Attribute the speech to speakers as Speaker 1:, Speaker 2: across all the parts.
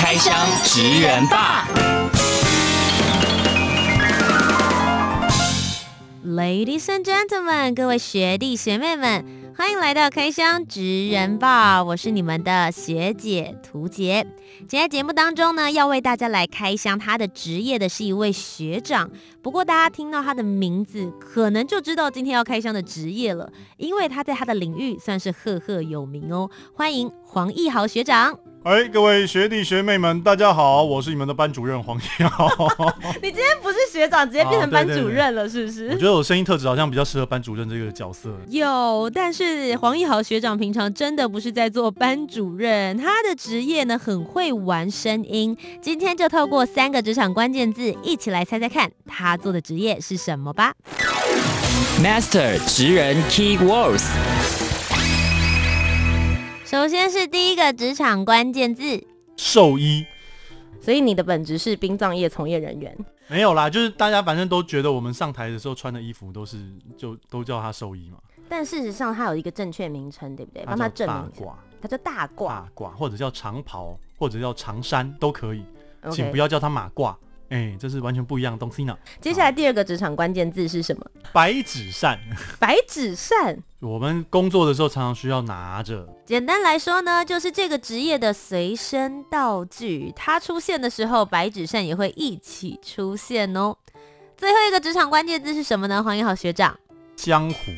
Speaker 1: 開箱職人 BAR，Ladies and gentlemen，各位學弟學妹們，歡迎來到開箱職人 BAR。我是你們的學姐屠潔。今天節目當中呢，要為大家來開箱他的職業的是一位學長。不過大家聽到他的名字，可能就知道今天要開箱的職業了，因為他在他的領域算是赫赫有名哦。歡迎黃逸豪學長。
Speaker 2: 哎、欸，各位學弟學妹們，大家好，我是你們的班主任黃逸豪。
Speaker 1: 你今天不是學長，直接變成班主任了？啊、對對對，是不是？
Speaker 2: 我覺得我聲音特質好像比較適合班主任這個角色。
Speaker 1: 有，但是黃逸豪學長平常真的不是在做班主任，他的職業呢，很會玩聲音。今天就透過三個職場關鍵字，一起來猜猜看他做的職業是什麼吧。
Speaker 2: Master 職人 Key Words。
Speaker 1: 首先是第一個職場關鍵字，
Speaker 2: 壽衣。
Speaker 1: 所以你的本職是殯葬業從業人員？
Speaker 2: 沒有啦，就是大家反正都覺得我們上台的時候穿的衣服都是，就都叫他壽衣嘛。
Speaker 1: 但事實上，它有一個正確名稱，對不對？幫它正名，它叫大褂，它叫
Speaker 2: 大褂，或者叫長袍，或者叫長衫都可以，請不要叫它馬褂。Okay. 哎、欸，這是完全不一樣的東西呢。
Speaker 1: 接下來第二個職場關鍵字是什麼？白紙扇。白紙扇，善
Speaker 2: 我們工作的時候常常需要拿着。
Speaker 1: 簡單來說呢，就是這個職業的隨身道具。它出現的時候，白紙扇也會一起出現哦。最後一個職場關鍵字是什麼呢？黃逸豪學長。
Speaker 2: 江湖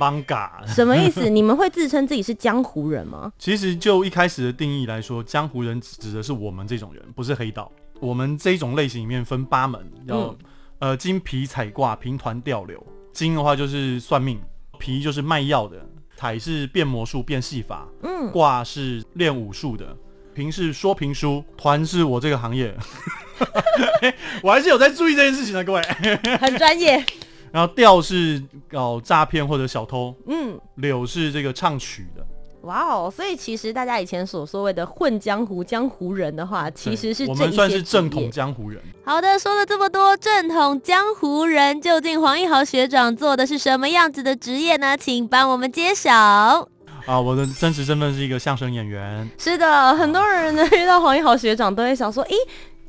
Speaker 2: m 嘎，Vanga、 什麼意思？你
Speaker 1: 們會自稱自己是江湖人嗎？
Speaker 2: 其實就一開始的定義來說，江湖人指的是我們這種人，不是黑道。我們這一種類型裡面分八門，叫、嗯、呃金皮彩掛平團調柳。金的話就是算命，皮就是賣藥的，彩是變魔術變戲法，嗯，掛是練武術的，平是說評書，團是我這個行業、 欸，我還是有在注意這件事情的、啊，各位， 很專業。然後調是搞詐騙或者小偷，嗯，柳是這個唱曲的。
Speaker 1: 哇哦！所以其實大家以前所所謂的混江湖、江湖人的話，其實是我們算是正統
Speaker 2: 江湖人。
Speaker 1: 好的，說了這麼多正統江湖人，究竟黃逸豪學長做的是什麼樣子的職業呢？請幫我們揭曉。
Speaker 2: 啊，我的真實身份是一個相聲演員。
Speaker 1: 是的，很多人呢、啊、遇到黃逸豪學長都會想說：哎、欸，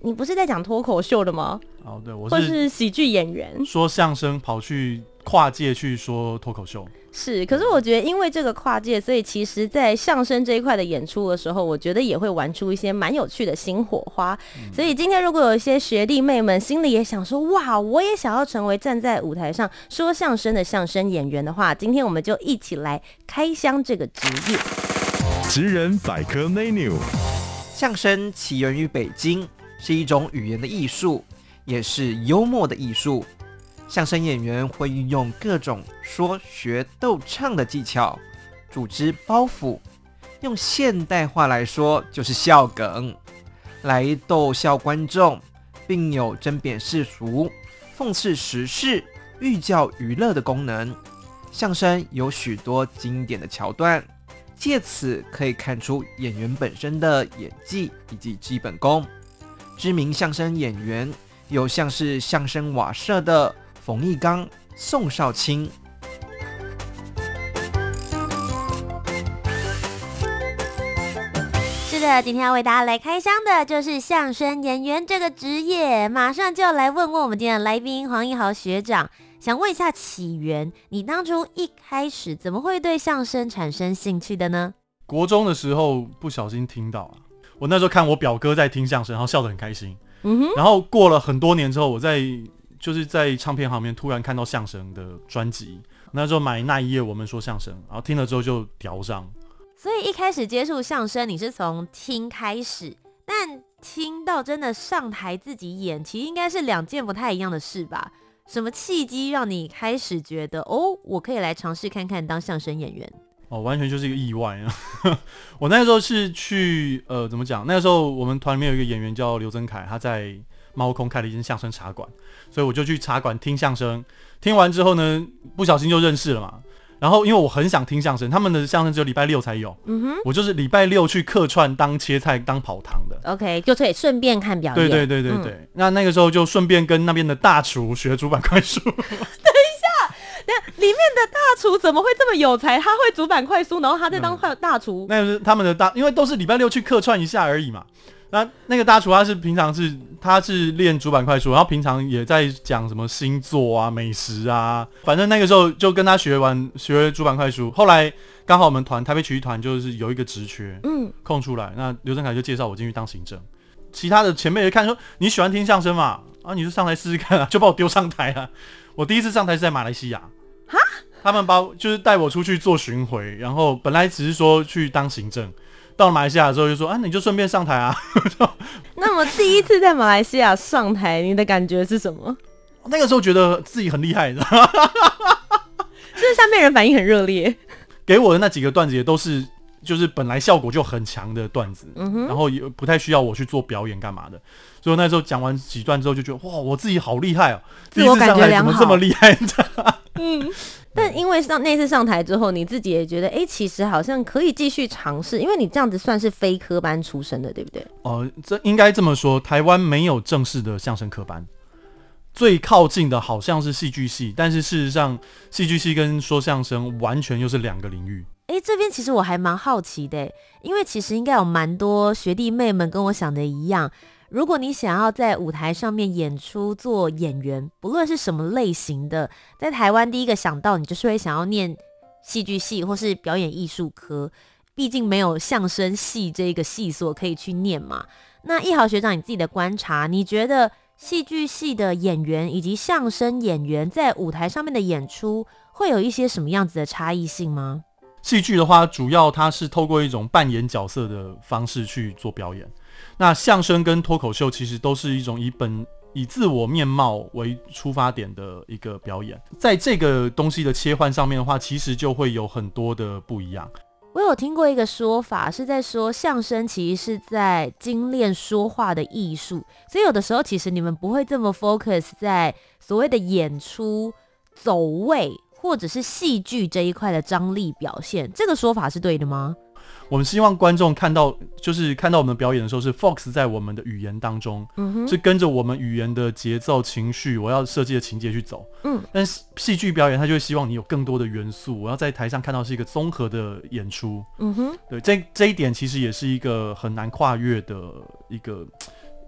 Speaker 1: 你不是在講脫口秀的嗎？哦、
Speaker 2: 啊，對，我是
Speaker 1: 喜劇演員，
Speaker 2: 說相聲跑去。跨界去說脫口秀
Speaker 1: 是，可是我覺得因為這個跨界，所以其實，在相聲這一塊的演出的時候，我覺得也會玩出一些蠻有趣的新火花。嗯。所以今天如果有一些學弟妹們心裡也想說，哇，我也想要成為站在舞台上說相聲的相聲演員的話，今天我們就一起來開箱這個職業。
Speaker 2: 職人百科 menu，相聲起源於北京，是一種語言的藝術，也是幽默的藝術。
Speaker 1: 相聲演員會運用各種說學逗唱的技巧，組織包袱，用現代話來說就是笑梗，來逗笑觀眾，並有針砭世俗、諷刺時事、寓教於樂的功能。相聲有許多經典的橋段，借此可以看出演員本身的演技以及基本功。知名相聲演員有像是相聲瓦舍的。馮翊綱、宋少卿，是的，今天要為大家來開箱的就是相聲演員這個職業。馬上就要來問問我們今天的來賓黃逸豪學長，想問一下起源，你當初一開始怎麼會對相聲產生興趣的呢？
Speaker 2: 國中的時候不小心聽到，我那時候看我表哥在聽相聲，然後笑得很開心、嗯哼。然後過了很多年之後，我在。就是在唱片行裡面突然看到相聲的專輯，那時候買那一夜我們說相聲，然後聽了之後就調上。
Speaker 1: 所以一開始接觸相聲你是從聽開始，但聽到真的上台自己演，其實應該是兩件不太一樣的事吧？什麼契機讓你開始覺得哦，我可以來嘗試看看當相聲演員？
Speaker 2: 哦，完全就是一個意外啊！ 我那時候是去呃怎麼講？那個時候我們團裡面有一個演員叫劉增鍇，他在。貓空開了一間相聲茶館，所以我就去茶館聽相聲。聽完之後呢，不小心就認識了嘛。然後因為我很想聽相聲，他們的相聲只有禮拜六才有。嗯哼，我就是禮拜六去客串當切菜、當跑堂的。OK，
Speaker 1: 就可以順便看表演。對對對對對。
Speaker 2: 嗯、那那個時候就順便跟那邊的大廚學竹板快書。 等一下，等一
Speaker 1: 下，那裡面的大廚怎麼會這麼有才？他會竹板快書，然後他在當大廚、嗯。
Speaker 2: 那個是他們的大，因為都是禮拜六去客串一下而已嘛。那那個大廚他是平常是他是練主板快書，然後平常也在講什麼星座啊、美食啊，反正那個時候就跟他學完學主板快書。後來剛好我們團台北曲藝團就是有一個職缺，嗯，空出來，那劉振凱就介紹我進去當行政。其他的前輩也看說，你喜歡聽相聲嘛，啊，你就上台試試看，啊，就把我丟上台了，啊。我第一次上台是在馬來西亞，哈，他們把我就是帶我出去做巡回，然後本來只是說去當行政。到馬來西亞的時候就說啊，你就順便上台啊。
Speaker 1: 那麼第一次在馬來西亞上台，你的感覺是什麼？
Speaker 2: 那個時候覺得自己很厲害，就 是不是下面人反應很熱烈？給我的那幾個段子也都是。就是本來效果就很強的段子，嗯，然後也不太需要我去做表演幹嘛的，所以那時候講完幾段之後就覺得哇，我自己好厲害哦，喔，自我感覺良好，怎麼這麼厲害的。嗯，
Speaker 1: 但因為上那次上台之後，你自己也覺得哎，嗯欸，其實好像可以繼續嘗試，因為你這樣子算是非科班出身的，對不對？哦，
Speaker 2: 呃，這應該這麼說，台灣沒有正式的相聲科班，最靠近的好像是戲劇系，但是事實上，戲劇系跟說相聲完全又是兩個領域。
Speaker 1: 誒，這邊其實我還蠻好奇的，因為其實應該有蠻多學弟妹們跟我想的一樣。如果你想要在舞台上面演出做演員，不論是什麼類型的，在台灣第一個想到你就是會想要念戲劇系或是表演藝術科，畢竟沒有相聲系這個系所可以去念嘛。那逸豪學長，你自己的觀察，你覺得戲劇系的演員以及相聲演員在舞台上面的演出會有一些什麼樣子的差異性嗎？
Speaker 2: 戲劇的話，主要它是透過一種扮演角色的方式去做表演。那相聲跟脫口秀其實都是一種以本以自我面貌為出發點的一個表演。在這個東西的切換上面的話，其實就會有很多的不一樣。
Speaker 1: 我有聽過一個說法，是在說相聲其實是在精煉說話的藝術，所以有的時候其實你們不會這麼 focus 在所謂的演出走位。或者是戲劇這一塊的張力表現，這個說法是對的嗎？
Speaker 2: 我們希望觀眾看到，就是看到我們的表演的時候，是 Fox 在我們的語言當中，嗯哼，是跟着我們語言的節奏、情緒，我要設計的情節去走，嗯。但是戲劇表演，他就會希望你有更多的元素，我要在台上看到是一個綜合的演出，嗯哼。對，這這一點其實也是一個很難跨越的一個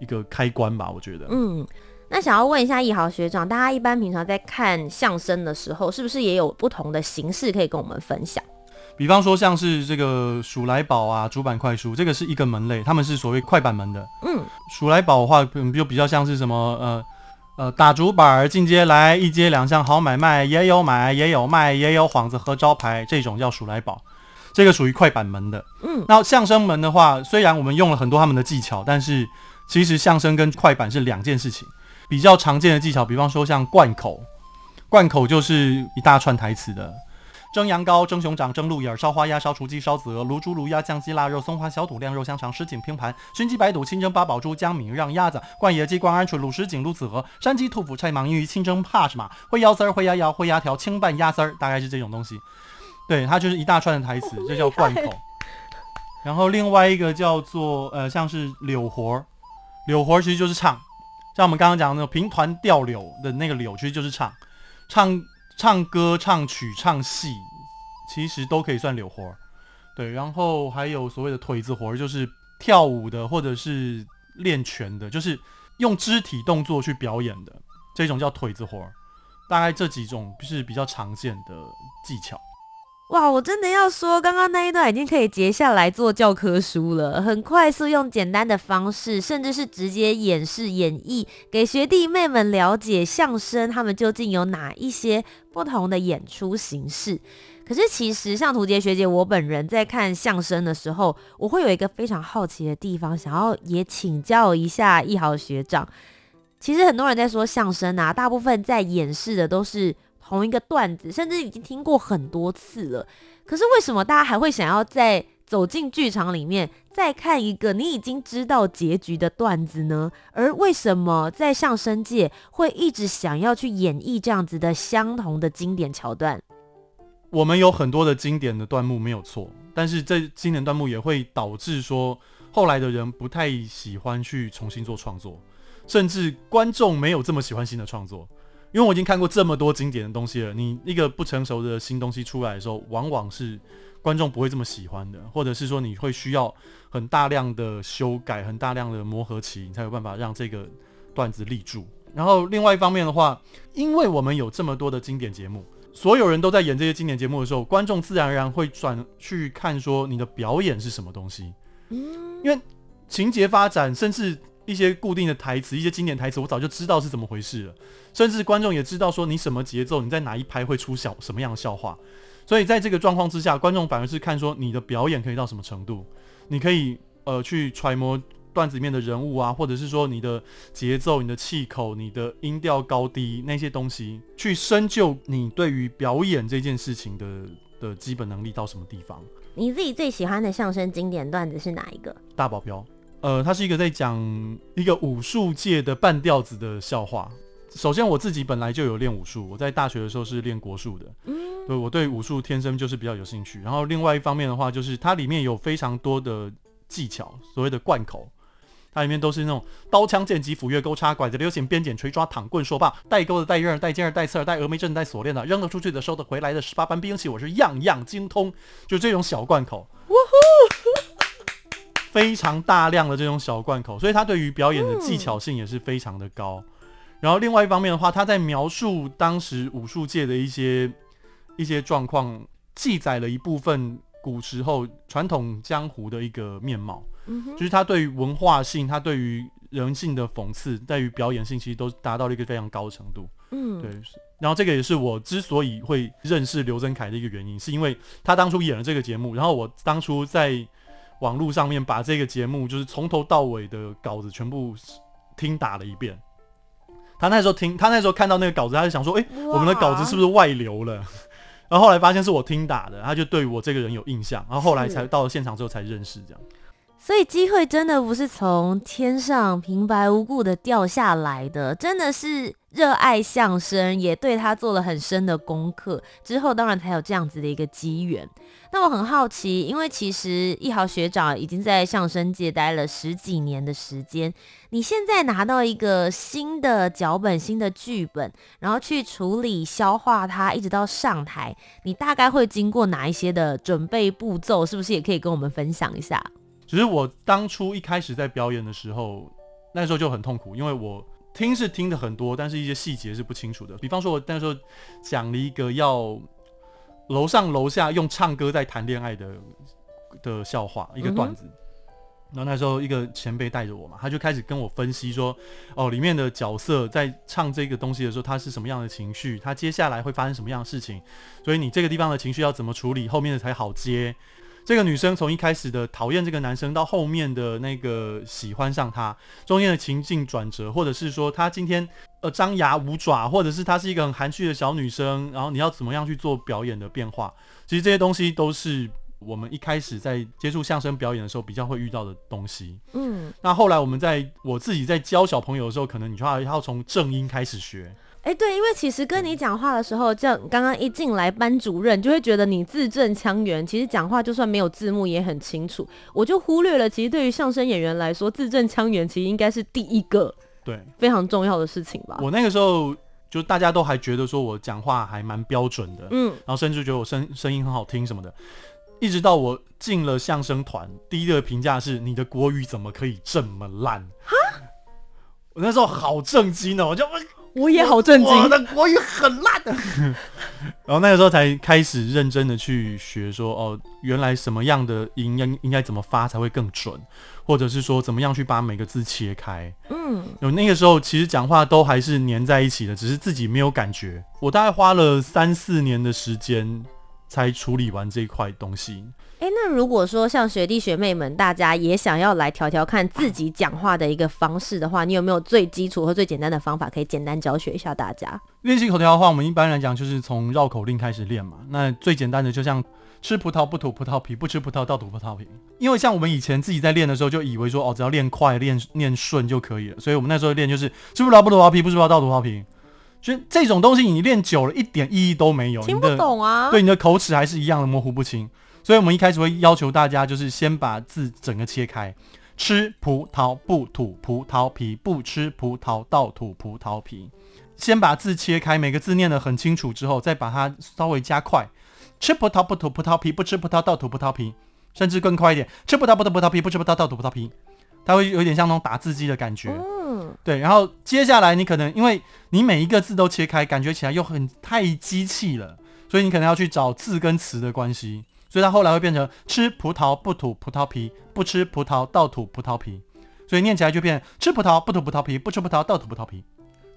Speaker 2: 一個，一個開關吧，我覺得，嗯。
Speaker 1: 那想要問一下逸豪學長，大家一般平常在看相聲的時候，是不是也有不同的形式可以跟我們分享？
Speaker 2: 比方說像是這個數來寶啊，竹板快書，這個是一個門類，他們是所謂快板門的。嗯，數來寶的話，就比較像是什麼，呃、呃打竹板進街來，一街兩巷好買賣，也有買也有賣也有幌子和招牌，這種叫數來寶，這個屬於快板門的。嗯，那相聲門的話，雖然我們用了很多他們的技巧，但是其實相聲跟快板是兩件事情。比較常見的技巧，比方說像貫口，貫口就是一大串台詞的。蒸羊羔、蒸熊掌、蒸鹿眼、燒花鴨、燒雛雞、燒子鵝、滷豬、滷鴨、醬雞、臘肉、松花小肚、晾肉香腸、什錦拼盤、熏雞白肚、清蒸八寶豬、江米釀鴨子、灌野雞、灌鵪鶉、滷什錦、滷子鵝、山雞兔脯菜、盲魚清蒸怕什麼？燴腰絲兒、燴鴨腰、燴鴨條、清拌鴨絲兒，大概是這種東西。對，它就是一大串的台詞、 oh,，這叫貫口。 然後另外一個叫做呃，像是柳活兒，柳活兒其實就是唱。像我們剛剛講的那種平團吊柳的那個柳，其實就是唱、唱、唱歌、唱曲、唱戲，其實都可以算柳活。對，然後還有所謂的腿子活，就是跳舞的或者是練拳的，就是用肢體動作去表演的，這種叫腿子活，大概這幾種是比較常見的技巧。
Speaker 1: 哇，我真的要說，剛剛那一段已經可以截下來做教科書了。很快速用簡單的方式，甚至是直接演示演繹給學弟妹們了解相聲，他們究竟有哪一些不同的演出形式。可是其實像屠潔學姐，我本人在看相聲的時候，我會有一個非常好奇的地方，想要也請教一下逸豪學長。其實很多人在說相聲啊，大部分在演示的都是。同一個段子，甚至已經聽過很多次了，可是為什麼大家還會想要再走進劇場裡面再看一個你已經知道結局的段子呢？而為什麼在相聲界會一直想要去演繹這樣子的相同的經典橋段？
Speaker 2: 我們有很多的經典的段目沒有錯，但是這經典段目也會導致說後來的人不太喜歡去重新做創作，甚至觀眾沒有這麼喜歡新的創作。因為我已經看過這麼多經典的東西了，你一個不成熟的新東西出來的時候，往往是觀眾不會這麼喜歡的，或者是說你會需要很大量的修改、很大量的磨合期，你才有辦法讓這個段子立住。然後另外一方面的話，因為我們有這麼多的經典節目，所有人都在演這些經典節目的時候，觀眾自然而然會轉去看說你的表演是什麼東西，因為情節發展甚至。一些固定的台詞，一些經典台詞，我早就知道是怎麼回事了。甚至觀眾也知道說你什麼節奏，你在哪一拍會出小什麼樣的笑話。所以在這個狀況之下，觀眾反而是看說你的表演可以到什麼程度。你可以呃去揣摩段子裡面的人物啊，或者是說你的節奏、你的氣口、你的音調高低那些東西，去深究你對於表演這件事情的的基本能力到什麼地方。
Speaker 1: 你自己最喜歡的相聲經典段子是哪一個？
Speaker 2: 大保鏢。呃，它是一個在講一個武術界的半吊子的笑話。首先，我自己本來就有練武術，我在大學的時候是練國術的，嗯，對我對武術天生就是比較有興趣。然後，另外一方面的話，就是它裡面有非常多的技巧，所謂的貫口，它裡面都是那種刀、槍、劍、戟、斧、钺、鈎、叉、拐子、流星、鞭、鐧、錘、抓、鎲、棍、槊、棒，帶鈎的、帶刃帶尖兒帶刺兒帶峨眉針、帶鎖鏈的，扔了出去的、收的回來的十八般兵器，我是樣樣精通，就這種小貫口。非常大量的這種小貫口，所以他對於表演的技巧性也是非常的高。嗯、然後另外一方面的話，他在描述當時武術界的一些一些狀況，記載了一部分古時候傳統江湖的一個面貌。嗯，就是他對於文化性，他對於人性的諷刺，在於表演性，其實都達到了一個非常高的程度。嗯，對。然後這個也是我之所以會認識劉增鍇的一個原因，是因為他當初演了這個節目，然後我當初在。網絡上面把這個節目就是從頭到尾的稿子全部聽打了一遍。他那時候聽，他那時候看到那個稿子，他就想說：“哎、欸，我們的稿子是不是外流了？” 然後後來發現是我聽打的，他就對我這個人有印象。然後後來才到了現場之後才認識這樣。
Speaker 1: 所以機會真的不是從天上平白無故的掉下來的，真的是熱愛相聲，也對他做了很深的功課之後，當然才有這樣子的一個機緣。那我很好奇，因為其實逸豪學長已經在相聲界待了十幾年的時間，你現在拿到一個新的腳本、新的劇本，然後去處理、消化它，一直到上台，你大概會經過哪一些的準備步驟？是不是也可以跟我們分享一下？其
Speaker 2: 實我當初一開始在表演的時候，那時候就很痛苦，因為我聽是聽的很多，但是一些細節是不清楚的。比方說，我那時候講了一個要。樓上樓下用唱歌在談戀愛的的笑話一個段子。嗯，然後那時候一個前輩帶着我嘛，他就開始跟我分析說，哦，裡面的角色在唱這個東西的時候，他是什麼樣的情緒，他接下來會發生什麼樣的事情，所以你這個地方的情緒要怎麼處理，後面的才好接。這個女生從一開始的討厭這個男生，到後面的那個喜歡上他，中間的情境轉折，或者是說她今天呃張牙舞爪，或者是她是一個很含蓄的小女生，然後你要怎麼樣去做表演的變化？其實這些東西都是我們一開始在接觸相聲表演的時候比較會遇到的東西。嗯，那後來我們在我自己在教小朋友的時候，可能你就要要從正音開始學。
Speaker 1: 哎、欸，對，因為其實跟你講話的時候，這樣剛剛、嗯、一進來，班主任就會覺得你字正腔圓。其實講話就算沒有字幕也很清楚，我就忽略了。其實對於相聲演員來說，字正腔圓其實應該是第一個對非常重要的事情吧。
Speaker 2: 我那個時候就大家都還覺得說我講話還蠻標準的，嗯，然後甚至覺得我聲聲音很好聽什麼的。一直到我進了相聲團，第一個評價是你的國語怎麼可以這麼爛？哈！我那時候好震驚哦，我就、呃。我也好震驚，我的國語很爛的。 然後那個時候才開始認真的去學說，說哦，原來什麼樣的音應應該怎麼發才會更準，或者是說怎麼樣去把每個字切開。嗯，有那個時候其實講話都還是黏在一起的，只是自己沒有感覺。我大概花了三四年的時間才處理完這一塊東西。
Speaker 1: 哎、欸，那如果說像學弟學妹們，大家也想要來調調看自己講話的一個方式的話，你有沒有最基礎和最簡單的方法可以簡單教學一下大家？
Speaker 2: 練習口條的話，我們一般來講就是從繞口令開始練嘛。那最簡單的就像吃葡萄不吐葡萄皮，不吃葡萄倒吐葡萄皮。因為像我們以前自己在練的時候，就以為說哦，只要練快、練練順就可以了。所以我們那時候練就是吃不了不吐葡萄皮，不吃葡萄倒吐葡萄皮。所以這種東西你練久了，一點意義都沒有。聽不懂啊？對，你的口齒還是一樣的模糊不清。所以，我們一開始會要求大家，就是先把字整個切開，吃葡萄不吐葡萄皮，不吃葡萄倒吐葡萄皮。先把字切開，每個字念得很清楚之後，再把它稍微加快，吃葡萄不吐葡萄皮，不吃葡萄倒吐葡萄皮，甚至更快一點，吃葡萄不吐葡萄皮，不吃葡萄倒吐葡萄皮。它會有點像那種打字機的感覺，對。然後接下來，你可能因為你每一個字都切開，感覺起來又很太機器了，所以你可能要去找字跟詞的關係。所以它後來會變成吃葡萄不吐葡萄皮，不吃葡萄倒吐葡萄皮，所以念起來就變成吃葡萄不吐葡萄皮，不吃葡萄倒吐葡萄皮。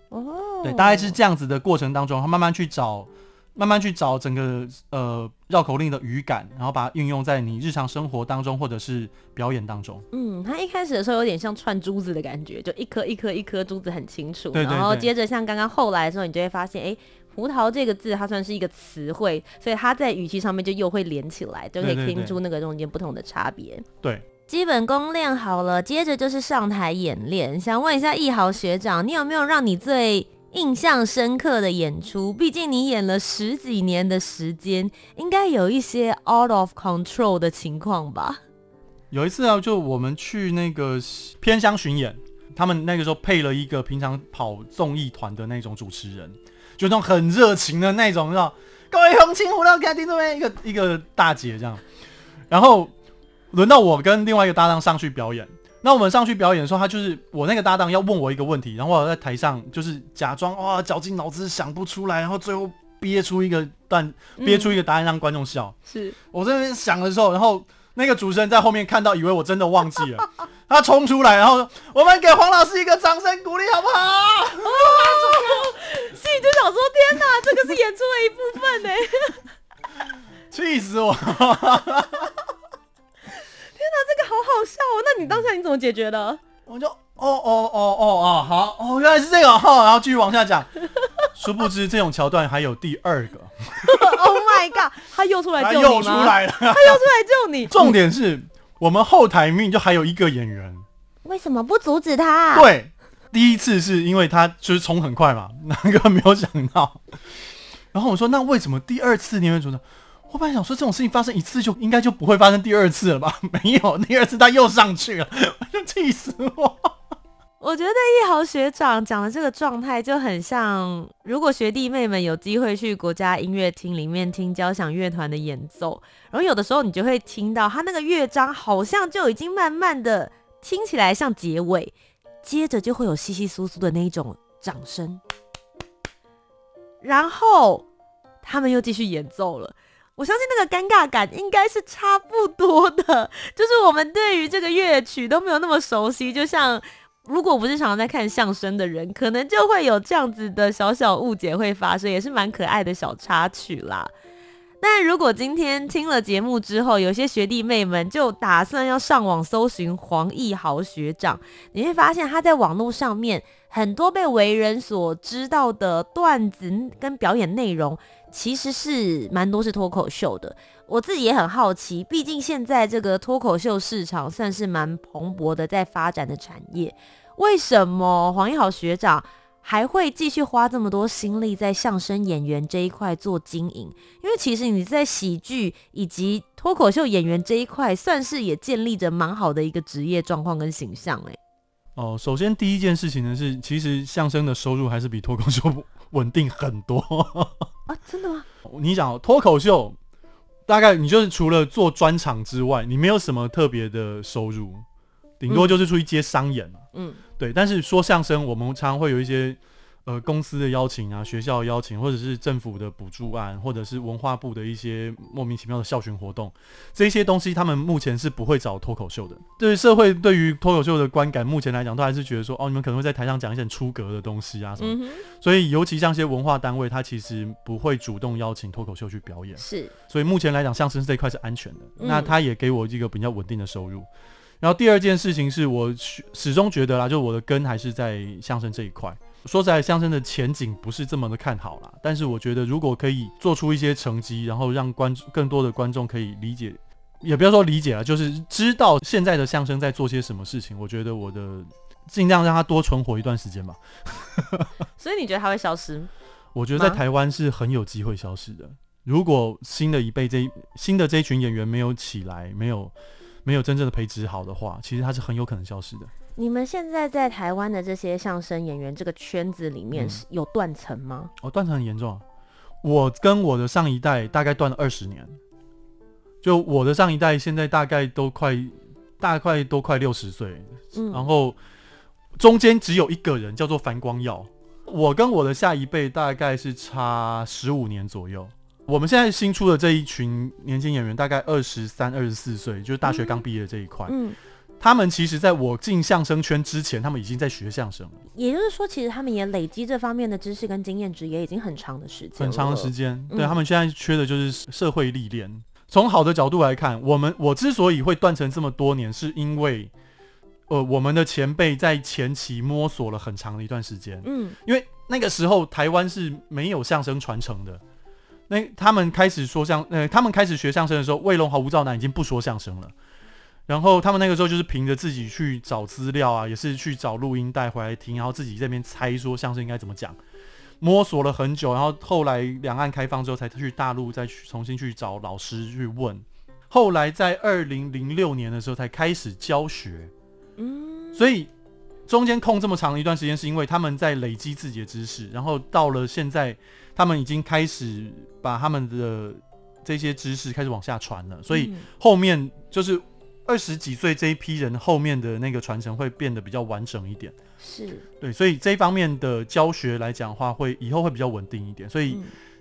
Speaker 2: 哦，對，大概是這樣子的過程當中，他慢慢去找，慢慢去找整個呃繞口令的語感，然後把它運用在你日常生活當中或者是表演當中。
Speaker 1: 嗯，他一開始的時候有點像串珠子的感覺，就一顆一顆一顆珠子很清楚，對對對，然後接着像剛剛後來的時候，你就會發現，誒、欸。“胡桃”這個字，它算是一個詞彙，所以它在語氣上面就又會連起來，就可以聽出那個中間不同的差別。對對對。對，基本功練好了，接着就是上台演練。想問一下逸豪學長，你有沒有讓你最印象深刻的演出？畢竟你演了十幾年的時間，應該有一些 out of control 的情況吧？
Speaker 2: 有一次啊，就我們去那個偏鄉巡演，他們那個時候配了一個平常跑綜藝團的那種主持人。就那種很熱情的那種，是吧？各位紅青湖的觀眾們，一個一個大姐這樣，然後輪到我跟另外一個搭檔上去表演。那我們上去表演的時候，他就是我那個搭檔要問我一個問題，然後我在台上就是假裝哇絞盡腦汁想不出來，然後最後憋出一個段，嗯、憋出一個答案讓觀眾笑。是我在那邊想的時候，然後那個主持人在後面看到，以為我真的忘記了， 他衝出來，然後說，我們給黃老師一個掌聲鼓勵好不好？啊 心裡就想說天：“
Speaker 1: 天吶，這個是演出的一部分呢、欸！”
Speaker 2: 氣 死我
Speaker 1: 了！ 天哪，這個好好笑，哦、那你當下你怎麼解決的？
Speaker 2: 我就……哦哦哦哦哦，好哦，哦，哦，哦，哦，哦，哦，原來是這個，哦，然後繼續往下講。 殊不知這種橋段還有第二個。 Oh my god！他又出來救你了！他又出
Speaker 1: 來救你！ 重點是
Speaker 2: 我們後台明明就還有一個演員，
Speaker 1: 為什麼不阻止
Speaker 2: 他？對。第一次是因為他就是衝很快嘛，哪個沒有想到。然後我說那為什麼第二次念念？你會覺得我本來想說這種事情發生一次就應該就不會發生第二次了吧？沒有，第二次他又上去了，我就氣死我！
Speaker 1: 我覺得逸豪學長講的這個狀態就很像，如果學弟妹們有機會去國家音樂廳裡面聽交響樂團的演奏，然後有的時候你就會聽到他那個樂章好像就已經慢慢的聽起來像結尾，接着就會有稀稀疏疏的那一種掌聲，然後他們又繼續演奏了。我相信那個尷尬感應該是差不多的，就是我們對於這個樂曲都沒有那麼熟悉，就像如果不是常常在看相聲的人，可能就會有這樣子的小小誤解會發生，也是蠻可愛的小插曲啦。那如果今天聽了節目之後，有些學弟妹們就打算要上網搜尋黃逸豪學長，你會發現他在網絡上面很多被為人所知道的段子跟表演內容，其實是蠻多是脫口秀的。我自己也很好奇，畢竟現在這個脫口秀市場算是蠻蓬勃的，在發展的產業，為什麼黃逸豪學長？還會繼續花這麼多心力在相聲演員這一塊做經營，因為其實你在喜劇以及脫口秀演員這一塊，算是也建立着蠻好的一個職業狀況跟形象誒、欸、
Speaker 2: 哦，首先第一件事情呢是，其實相聲的收入還是比脫口秀穩定很多 啊，真的嗎？你想脫口秀，大概你就是除了做專場之外，你沒有什麼特別的收入。頂多就是出去接商演嘛、嗯，嗯，對。但是說相聲，我們常常會有一些呃公司的邀請啊、學校的邀請，或者是政府的補助案，或者是文化部的一些莫名其妙的校巡活動，這些東西他們目前是不會找脫口秀的。對社會對於脫口秀的觀感，目前來講都還是覺得說哦，你們可能會在台上講一些很出格的東西啊什麼的、嗯。所以尤其像一些文化單位，他其實不會主動邀請脫口秀去表演。是。所以目前來講，相聲這一塊是安全的。嗯、那他也給我一個比較穩定的收入。然後第二件事情是我始終覺得啦，就是我的根還是在相聲這一塊。說起來，相聲的前景不是這麼的看好啦。但是我覺得如果可以做出一些成績，然後讓觀眾更多的觀眾可以理解，也不要說理解啊，就是知道現在的相聲在做些什麼事情，我覺得我的盡量讓它多存活一段時間吧。
Speaker 1: 所以你覺得它會消失？我覺得在台
Speaker 2: 灣是很有機會消失的。如果新的一輩這新的這一群演員沒有起來，沒有。沒有真正的培植好的話，其實它是很有可能消失的。
Speaker 1: 你們現在在台灣的這些相聲演員這個圈子裡面，是有斷層嗎？嗯。
Speaker 2: 哦，斷層很嚴重啊。我跟我的上一代大概斷了二十年，就我的上一代現在大概都快，大概都快六十歲，嗯，然後中間只有一個人叫做樊光耀。我跟我的下一輩大概是差十五年左右。我們現在新出的這一群年輕演員，大概二十三、二十四歲，就是大學剛畢業的這一塊嗯。嗯，他們其實在我進相聲圈之前，他們已經在學相聲
Speaker 1: 了。也就是說，其實他們也累積這方面的知識跟經驗值，也已經很長的時間。很長的時間。嗯。對，他
Speaker 2: 們現在缺的就是社會歷練。從好的角度來看，我們我之所以會斷層這麼多年，是因為呃，我們的前輩在前期摸索了很長的一段時間。嗯，因為那個時候台灣是沒有相聲傳承的。那他們開始說相，呃，他們開始學相聲的時候，魏龍豪、吳兆南已經不說相聲了。然後他們那個時候就是憑着自己去找資料啊，也是去找錄音帶回來聽，然後自己這邊猜說相聲應該怎麼講，摸索了很久。然後後來兩岸開放之後，才去大陸再去重新去找老師去問。後來在二零零六年的時候才開始教學。嗯，所以。中間空這麼長的一段時間，是因為他們在累積自己的知識，然後到了現在，他們已經開始把他們的這些知識開始往下傳了。所以後面就是二十幾歲這一批人後面的那個傳承會變得比較完整一點。是，對，所以這一方面的教學來講的話，會以後會比較穩定一點。所以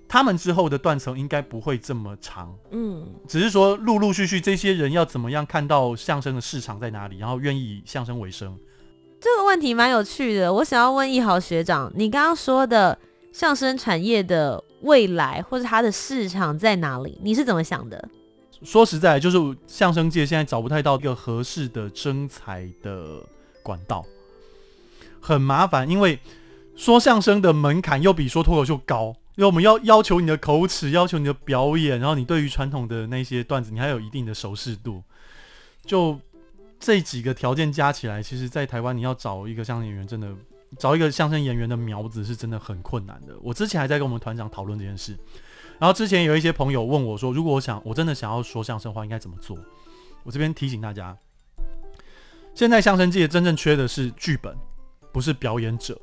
Speaker 2: 他們之後的斷層應該不會這麼長。嗯，只是說陸陸續續這些人要怎麼樣看到相聲的市場在哪裡，然後願意以相聲為生。
Speaker 1: 這個問題蠻有趣的，我想要問逸豪學長，你剛剛說的相聲產業的未來或者它的市場在哪裡？你是怎麼想的？
Speaker 2: 說實在，就是相聲界現在找不太到一個合適的徵才的管道，很麻煩。因為說相聲的門檻又比說脫口秀高，因為我們要要求你的口齒，要求你的表演，然後你對於傳統的那些段子，你還有一定的熟識度，就。這幾個條件加起來，其實，在台灣你要找一個相聲演員，真的找一個相聲演員的苗子是真的很困難的。我之前還在跟我們團長討論這件事，然後之前有一些朋友問我說：“如果我想，我真的想要說相聲的話，應該怎麼做？”我這邊提醒大家，現在相聲界真正缺的是劇本，不是表演者。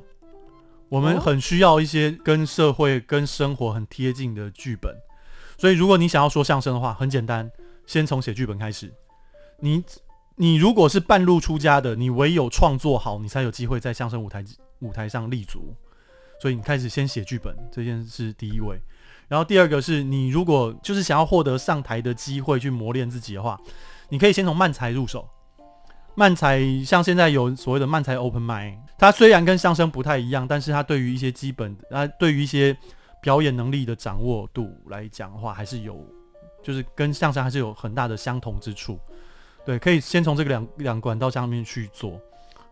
Speaker 2: 我們很需要一些跟社會、跟生活很貼近的劇本。所以，如果你想要說相聲的話，很簡單，先從寫劇本開始。你。你如果是半路出家的，你唯有創作好，你才有機會在相聲舞台舞台上立足。所以你開始先寫劇本這件事是第一位，然後第二個是你如果就是想要獲得上台的機會去磨練自己的話，你可以先從漫才入手。漫才像現在有所謂的漫才 open mic，它雖然跟相聲不太一樣，但是它對於一些基本啊，它對於一些表演能力的掌握度來講的話，還是有，就是跟相聲還是有很大的相同之處。對，可以先從這個兩兩管道下面去做，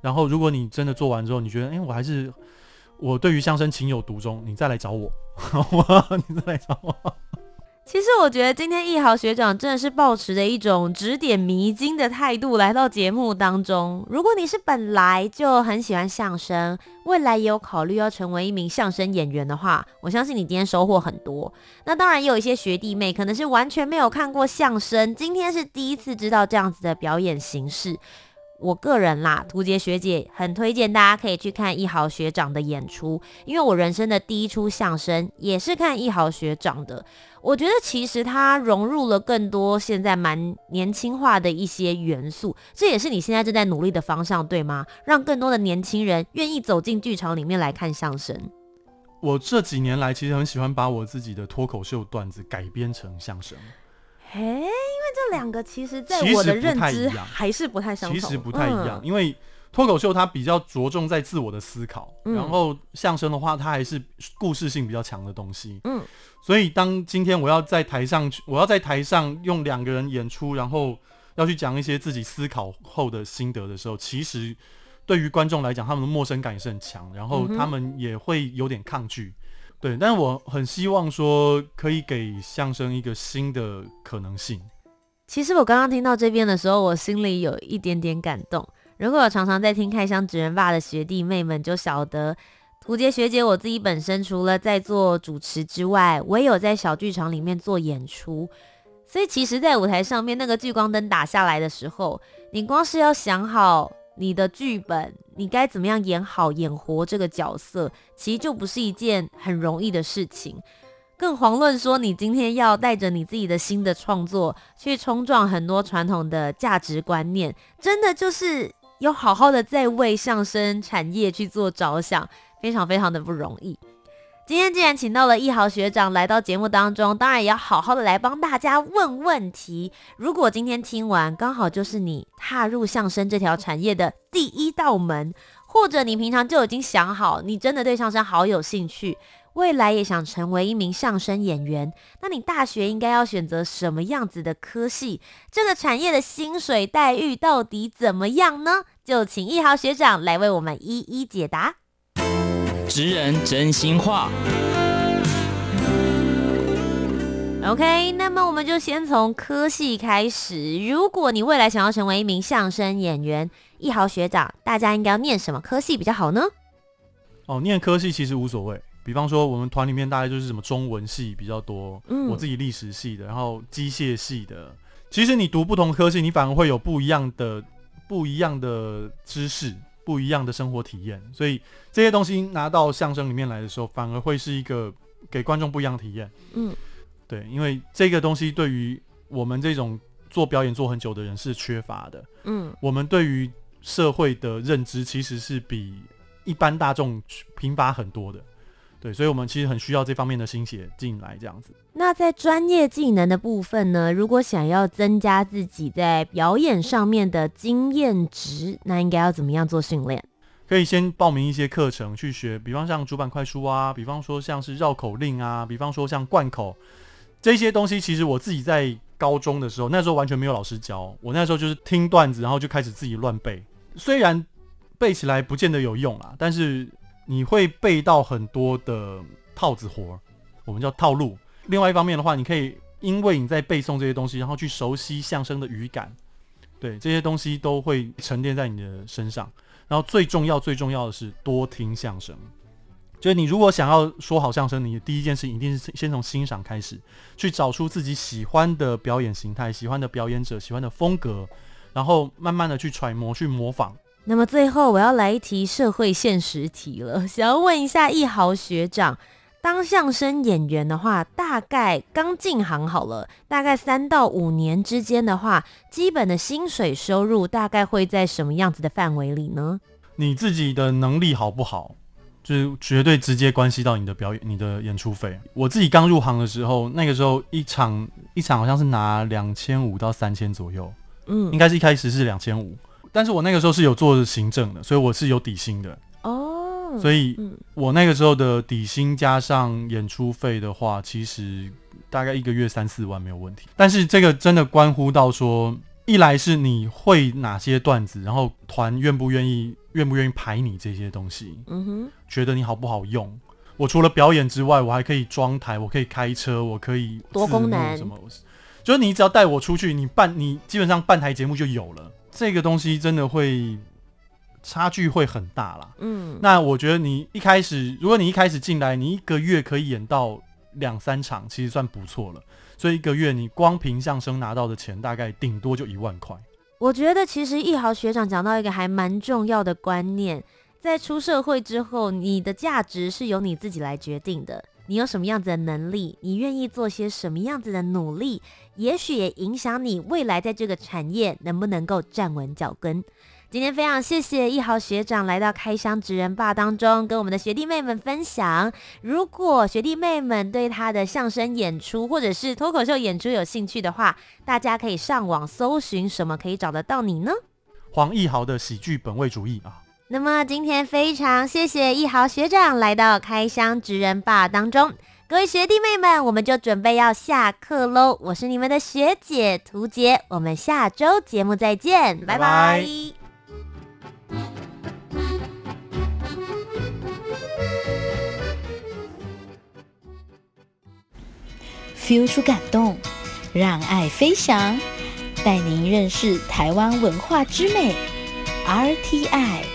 Speaker 2: 然後如果你真的做完之後，你覺得，哎，我還是我對於相聲情有獨鍾，你再來找我， 你再來
Speaker 1: 找我。其實我覺得今天逸豪學長真的是抱持着一種指點迷津的態度來到節目當中。如果你是本來就很喜歡相聲，未來也有考慮要成為一名相聲演員的話，我相信你今天收穫很多。那當然也有一些學弟妹可能是完全沒有看過相聲，今天是第一次知道這樣子的表演形式。我個人啦，屠潔學姐很推薦大家可以去看逸豪學長的演出，因為我人生的第一齣相聲也是看逸豪學長的。我覺得其實他融入了更多現在蠻年輕化的一些元素，這也是你現在正在努力的方向，對嗎？讓更多的年輕人願意走進劇場裡面來看相聲。
Speaker 2: 我這幾年來其實很喜歡把我自己的脫口秀段子改編成相聲。
Speaker 1: 哎、欸，因為這兩個其實，在我的認知還是不太相同。其實不太一樣，
Speaker 2: 嗯、因為脫口秀它比較着重在自我的思考，嗯、然後相聲的話，它還是故事性比較強的東西。嗯，所以當今天我要在台上，我要在台上用兩個人演出，然後要去講一些自己思考後的心得的時候，其實對於觀眾來講，他們的陌生感也是很強，然後他們也會有點抗拒。嗯對，但我很希望說可以給相聲一個新的可能性。
Speaker 1: 其實我剛剛聽到這邊的時候，我心裡有一點點感動。如果我常常在聽《開箱職人 BAR》的學弟妹們就曉得，屠潔學姐我自己本身除了在做主持之外，我也有在小劇場裡面做演出。所以其實，在舞台上面那個聚光燈打下來的時候，你光是要想好。你的劇本，你該怎麼樣演好、演活這個角色，其實就不是一件很容易的事情。更遑論說，你今天要帶着你自己的新的創作去衝撞很多傳統的價值觀念，真的就是有好好的在為相聲產業去做着想，非常非常的不容易。今天既然請到了逸豪學長來到節目當中，當然也要好好的來幫大家問問題。如果今天聽完剛好就是你踏入相聲這條產業的第一道門，或者你平常就已經想好你真的對相聲好有興趣，未來也想成為一名相聲演員，那你大學應該要選擇什麼樣子的科系？這個產業的薪水待遇到底怎麼樣呢？就請逸豪學長來為我們一一解答。職人真心話。OK，那麼我們就先從科系開始。如果你未來想要成為一名相聲演員，逸豪學長，大家應該要念什麼科系比較好呢？
Speaker 2: 哦，念科系其實無所謂。比方說，我們團裡面大概就是什麼中文系比較多、嗯，我自己歷史系的，然後機械系的。其實你讀不同科系，你反而會有不一樣的、不一樣的知識。不一樣的生活體驗，所以這些東西拿到相聲裡面來的時候，反而會是一個給觀眾不一樣的體驗。嗯，對，因為這個東西對於我們這種做表演做很久的人是缺乏的。嗯，我們對於社會的認知其實是比一般大眾貧乏很多的。對，所以我們其實很需要這方面的心血進來，這樣子。
Speaker 1: 那在專業技能的部分呢？如果想要增加自己在表演上面的經驗值，那應該要怎麼樣做訓練？
Speaker 2: 可以先報名一些課程去學，比方像主板快書啊，比方說像是繞口令啊，比方說像貫口這些東西。其實我自己在高中的時候，那時候完全沒有老師教，我那時候就是聽段子，然後就開始自己亂背。雖然背起來不見得有用啊，但是你會背到很多的套子活，我們叫套路。另外一方面的話，你可以因為你在背誦這些東西，然後去熟悉相聲的語感，對這些東西都會沉澱在你的身上。然後最重要、最重要的是多聽相聲。就是你如果想要說好相聲，你第一件事一定是先從欣賞開始，去找出自己喜歡的表演形態、喜歡的表演者、喜歡的風格，然後慢慢的去揣摩、去模仿。
Speaker 1: 那麼最後我要來一題社會現實題了，想要問一下逸豪學長。當相聲演員的話，大概剛進行好了，大概三到五年之間的話，基本的薪水收入大概會在什麼樣子的範圍裡呢？
Speaker 2: 你自己的能力好不好，就是絕對直接關係到你的表演、你的演出費。我自己剛入行的時候，那個時候一場一場好像是拿兩千五到三千左右，嗯，應該是一開始是兩千五，但是我那個時候是有做行政的，所以我是有底薪的。所以我那個時候的底薪加上演出費的話，其實大概一個月三四萬沒有問題。但是這個真的關乎到說，一來是你會哪些段子，然後團願不願意、願不願意排你這些東西。嗯哼，覺得你好不好用？我除了表演之外，我還可以裝台，我可以開車，我可以多功能什麼，就是你只要帶我出去，你辦你基本上辦台節目就有了。這個東西真的會。差距會很大啦。嗯，那我覺得你一開始，如果你一開始進來，你一個月可以演到兩三場，其實算不錯了。所以一個月你光憑相聲拿到的錢，大概頂多就一萬塊。
Speaker 1: 我覺得其實逸豪學長講到一個還蠻重要的觀念，在出社會之後，你的價值是由你自己來決定的。你有什麼樣子的能力，你願意做些什麼樣子的努力，也許也影響你未來在這個產業能不能夠站穩腳跟。今天非常謝謝逸豪學長來到開箱職人 BAR 當中，跟我們的學弟妹們分享。如果學弟妹們對他的相聲演出或者是脫口秀演出有興趣的話，大家可以上網搜
Speaker 2: 尋，什麼可以找得到你呢？黃逸豪的喜劇本位主義啊。
Speaker 1: 那麼今天非常謝謝逸豪學長來到開箱職人 BAR 當中，各位學弟妹們，我們就準備要下課嘍。我是你們的學姐屠潔，我們下周節目再見，拜拜。拜拜。流出感動，讓愛飛翔，帶您
Speaker 2: 認識台灣文化之美。RTI。